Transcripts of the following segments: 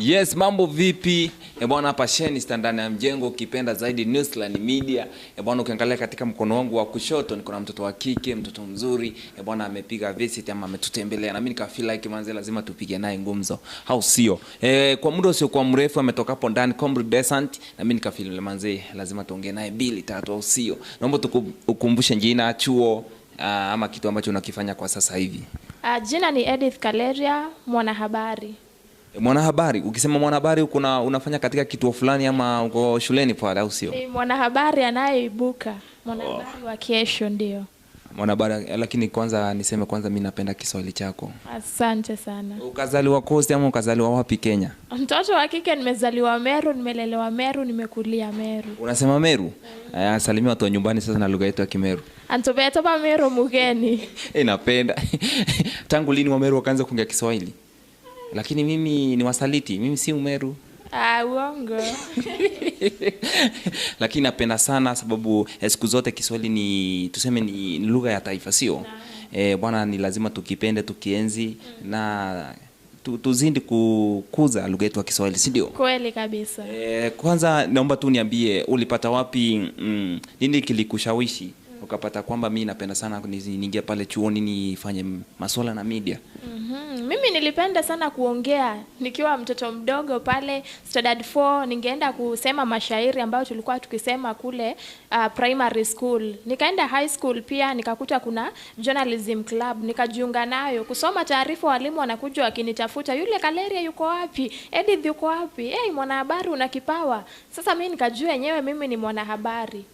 Yes, mambo vipi? Eh bwana, hapa Sheni ndani ya mjengo, ukipenda zaidi Newsline Media. Eh bwana, ukiangalia katika mkono wangu wa kushoto niko na mtoto wa kike, mtoto mzuri. Eh bwana, amepiga visit ama ametutembelea. Na mimi nika feel like manze lazima tupige naye ngumzo. Au sio? Eh, kwa muda usio kwa mrefu ametoka hapo ndani Comrade Desant na mimi nika feel manze lazima tuongee naye bili tatu au sio? Naomba tukukumbushe jina, chuo ah, ama kitu ambacho unakifanya kwa sasa hivi. Uh, jina ni Edith Kaleria, mwanahabari. Mwanahabari, ukisema mwanahabari kuna unafanya katika kituo fulani ama uko shuleni pale au sio? Ni mwanahabari anayeibuka, mwanahabari oh, wa kesho ndio. Mwanahabari, lakini kwanza niseme kwanza mi napenda Kiswahili chako. Asante sana. Ukazaliwa Coast ama ukazaliwa wapi Kenya? Mtoto wa kike, nimezaliwa Meru, nimelelewa Meru, nimekulia Meru. Unasema Meru? Mm. Eh, salimia watu wa nyumbani sasa na lugha yetu ya Kimeru. Antobetoba Meru mugeni. Inapenda. Tangu lini wa Meru wakaanza kuongea Kiswahili? Lakini mimi ni wasaliti, mimi si Umeru. Ah, uongo. Lakini napenda sana sababu eh, siku zote Kiswahili ni tuseme ni lugha ya taifa, sio? E, bwana ni lazima tukipende, tukienzi mm. na tu, tuzindi kukuza lugha yetu ya Kiswahili, si ndio? Kweli kabisa. E, kwanza naomba tu niambie ulipata wapi mm, nini kilikushawishi ukapata kwamba mi napenda sana niingia pale chuoni nifanye masuala na media. mm -hmm. Mimi nilipenda sana kuongea nikiwa mtoto mdogo pale standard 4 ningeenda kusema mashairi ambayo tulikuwa tukisema kule uh, primary school. Nikaenda high school pia nikakuta kuna journalism club nikajiunga nayo kusoma taarifa, walimu wanakuja wakinitafuta, yule Kaleria yuko wapi? Edith yuko wapi? Hey, mwanahabari una kipawa. Sasa mi nikajua yenyewe mimi ni mwanahabari.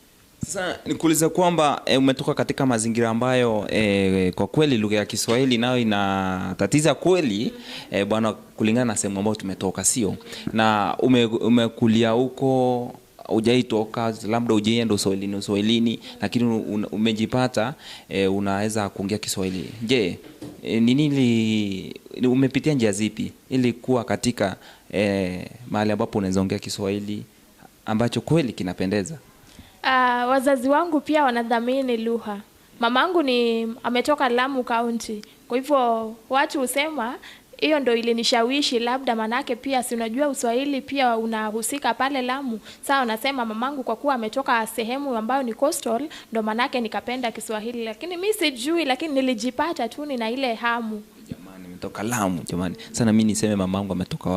Sasa nikuulize kwamba e, umetoka katika mazingira ambayo e, kwa kweli lugha ya Kiswahili nayo ina tatiza kweli e, bwana, kulingana na sehemu ambayo tumetoka, sio na ume, umekulia huko ujaitoka labda ujienda uswahilini uswahilini, lakini umejipata e, unaweza kuongea Kiswahili. Je, e, nini umepitia njia zipi ili kuwa katika e, mahali ambapo unaweza ongea Kiswahili ambacho kweli kinapendeza? Uh, wazazi wangu pia wanadhamini lugha. Mamangu ni ametoka Lamu County, kwa hivyo watu husema hiyo ndo ilinishawishi labda, manake pia si unajua Uswahili pia unahusika pale Lamu. Saa unasema mamangu kwa kuwa ametoka sehemu ambayo ni coastal, ndo manake nikapenda Kiswahili, lakini mi sijui, lakini nilijipata tu, nina ile hamu. Jamani, nimetoka Lamu jamani. Sana mi niseme mamangu ametoka wapi?